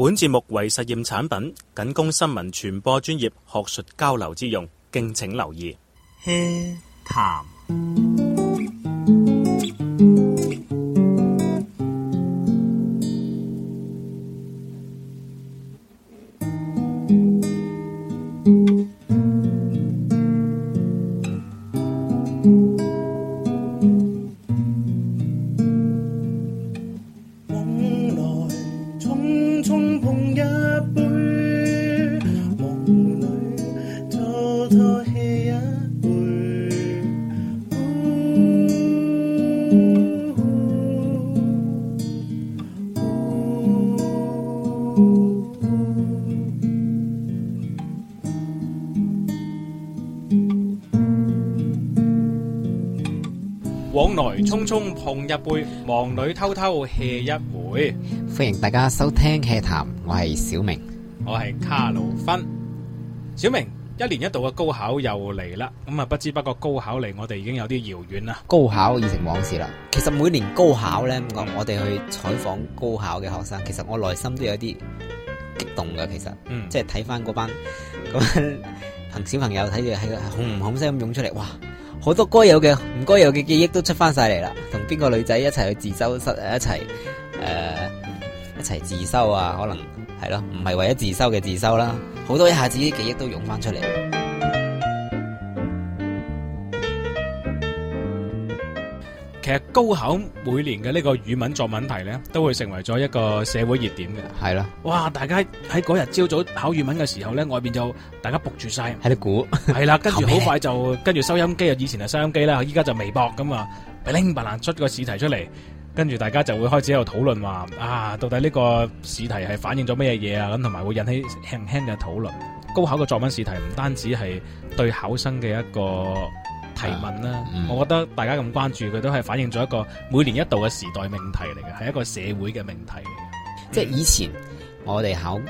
本節目為實驗產品，僅供新聞傳播專業學術交流之用，敬請留意。HEA 談往來匆匆碰一杯，忙裏偷偷歇一會。歡迎大家收聽《HEA 談》，我係小明，我係卡羅芬。小明，一年一度嘅高考又嚟啦，咁啊不知不覺高考嚟，我哋已經有啲遙遠啦。高考已成往事啦。其實每年高考咧，咁我我哋去採訪高考嘅學生，其實我內心都有啲激動㗎。其實，嗯，即係睇翻嗰班嗰班朋小朋友，睇住喺個哄哄聲咁湧出嚟，哇！好多該有嘅唔該有嘅記憶都出翻晒嚟啦，同邊個女仔一齊去自修室一齊誒、呃、一齊自修啊？可能係咯，唔係為咗自修嘅自修啦，好多一下子啲記憶都湧翻出嚟。其實高考每年嘅呢個語文作文題咧，都會成為咗一個社會熱點嘅。係啦的，哇！大家喺嗰日朝早考語文嘅時候咧，外邊就大家仆住晒喺度估，係啦，跟住好快就跟住 收音機啊，以前啊收音機啦，依家就微博咁啊，唪唥唪唥出個試題出嚟，跟住大家就會開始喺度討論話啊，到底呢個試題係反映咗咩嘢嘢啊，咁同埋會引起輕輕嘅討論。高考嘅作文試題唔單止係對考生嘅一個。提問啦，啊嗯、我覺得大家咁關注佢都係反映咗一個每年一度嘅時代命題嚟嘅，係一個社會嘅命題嚟嘅。嗯、即係以前我哋考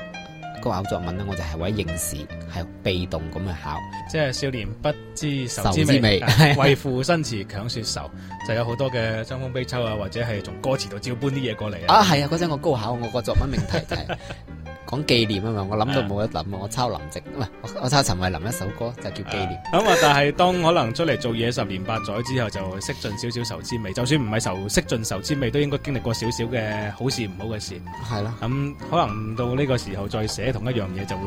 高考作文呢，我就係為應試，係被動咁去考。即係少年不知愁滋味，之啊、為賦新詞強說愁， 就有好多嘅傷春悲秋啊，或者係從歌詞度照搬啲嘢過嚟啊。係啊，嗰陣我高考我個作文命題就係、是。 講紀念啊嘛，我諗到冇得諗 Yeah.，我抄林夕，唔係我抄陳慧琳一首歌，就是，叫紀念。咁啊 Yeah. 嗯，但係當可能出嚟做嘢十年八載之後，就識盡少少愁滋味。就算唔係愁，識盡愁滋味都應該經歷過少少嘅好事唔好嘅事。係啦 Yeah.、嗯，咁可能到呢個時候再寫同一樣嘢，就會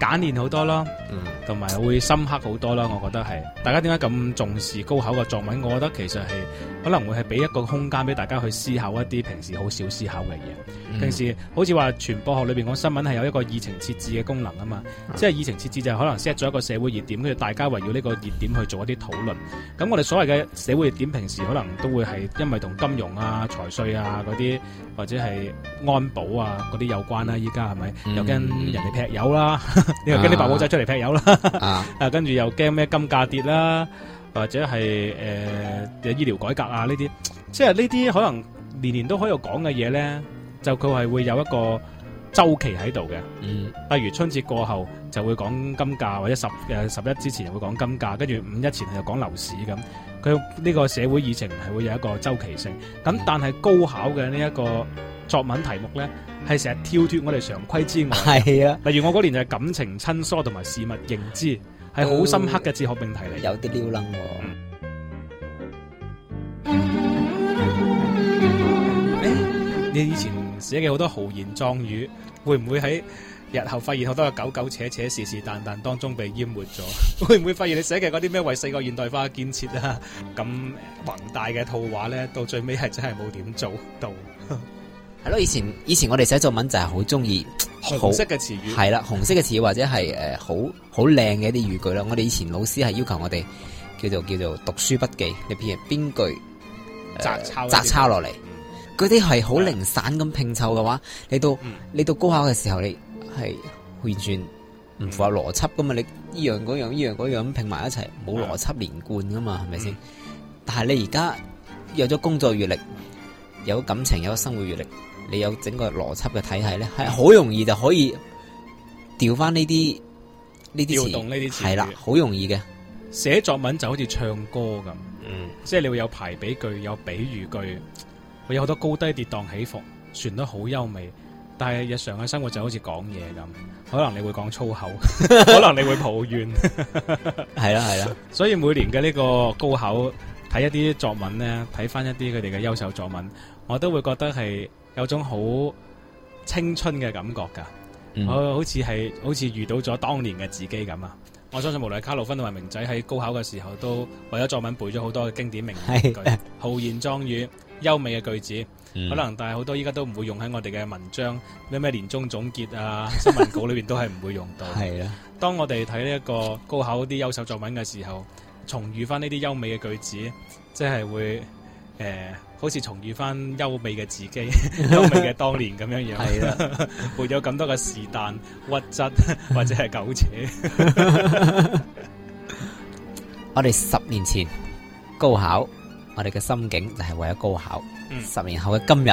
簡練好多咯，同埋，mm. 會深刻好多咯。我覺得係，大家點解咁重視高考嘅作文？我覺得其實係可能會係俾一個空間俾大家去思考一啲平時好少思考嘅嘢。Mm. 平時好似話傳播學裏邊講係有一個議程設置嘅功能啊嘛，即係議程設置就係可能 set 咗一個社會熱點，跟住大家圍繞呢個熱點去做一啲討論。咁我哋所謂嘅社會熱點，平時可能都會係因為同金融啊、財稅啊嗰啲，或者係安保啊嗰啲有關啦。依家係咪？ 又驚人哋劈友啦，你、啊、 又跟啲白帽仔出嚟劈友啦，跟住又驚咩金價跌啦，或者係誒嘅醫療改革啊呢啲，即係呢啲可能年年都喺度講嘅嘢咧，就佢係會有一個。周期喺度嘅，嗯、例如春節過後就會講金價，或者十誒十一之前就會講金價，跟住五一前又講樓市咁。佢呢、這個社會議程係會有一個周期性。咁但係高考嘅呢一個作文題目呢，係成日跳脫我哋常規之外。係啊，例如我嗰年就係感情親疏同埋事物認知，係好深刻嘅哲學命題嚟。有啲撩楞。你以前寫嘅好多豪言壯語。會唔會喺日後發現好多嘅狗狗扯扯、是是旦旦當中被淹沒咗？會唔會發現你寫嘅嗰啲咩為四個現代化建設啊咁宏大嘅套話咧，到最尾係真係冇點做到？係咯，以前以前我哋寫作文就係好中意紅色嘅詞語，係啦，紅色嘅詞語或者係誒好好靚嘅一啲語句啦。我哋以前老師係要求我哋叫做叫做讀書筆記，你譬如邊句、呃、摘抄摘抄落嚟。嗰啲係好零散咁拼湊嘅話，的你到、嗯、你到高考嘅時候，你係完全唔符合邏輯噶嘛？嗯、你一樣嗰樣一樣嗰樣咁拼埋一齊，冇邏輯連貫噶嘛？係咪先？吧但係你而家有咗工作閱歷，有感情，有生活閱歷，你有整個邏輯嘅體系咧，係好、嗯、容易就可以調翻呢啲呢啲詞，係啦，好容易嘅。寫作文就好似唱歌咁，嗯，即係你會有排比句，有比喻句。我會有好多高低跌宕起伏，旋律好優美，但係日常嘅生活就好似講嘢咁，可能你會講粗口， 可能你會抱怨，係啦係啦。所以每年嘅呢個高考，睇一啲作文咧，睇翻一啲佢哋嘅優秀作文，我都會覺得係有種好青春嘅感覺噶，嗯、我好似係好似遇到咗當年嘅自己咁啊！我相信，無論卡路芬同埋明仔喺高考嘅時候，都為咗作文背咗好多嘅經典名言句、 豪言壯語、優美嘅句子，嗯、可能但係好多依家都唔會用喺我哋嘅文章、咩咩年終總結啊、新聞稿裏面都係唔會用到。係、 啊、當我哋睇呢一個高考啲優秀作文嘅時候，重遇翻呢啲優美嘅句子，即係會。誒、呃，好似重遇翻優美嘅自己，優 美嘅當年咁樣樣，係啦，背咗咁多嘅是但屈質或者係苟且。 我哋十年前高考，我哋嘅心境就係為咗高考。嗯、十年後嘅今日，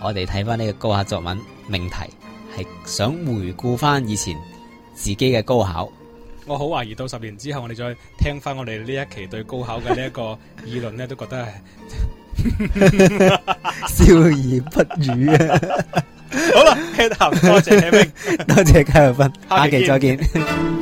我哋睇翻呢個高考作文命題，係想回顧翻以前自己嘅高考。我好懷疑，到十年之後，我哋再聽翻我哋呢一期對高考嘅呢一個議論咧， 都覺得係笑而不語啊 好了！好啦，HEA 談，多謝阿明 多謝嘉樂斌，下期，下期再見。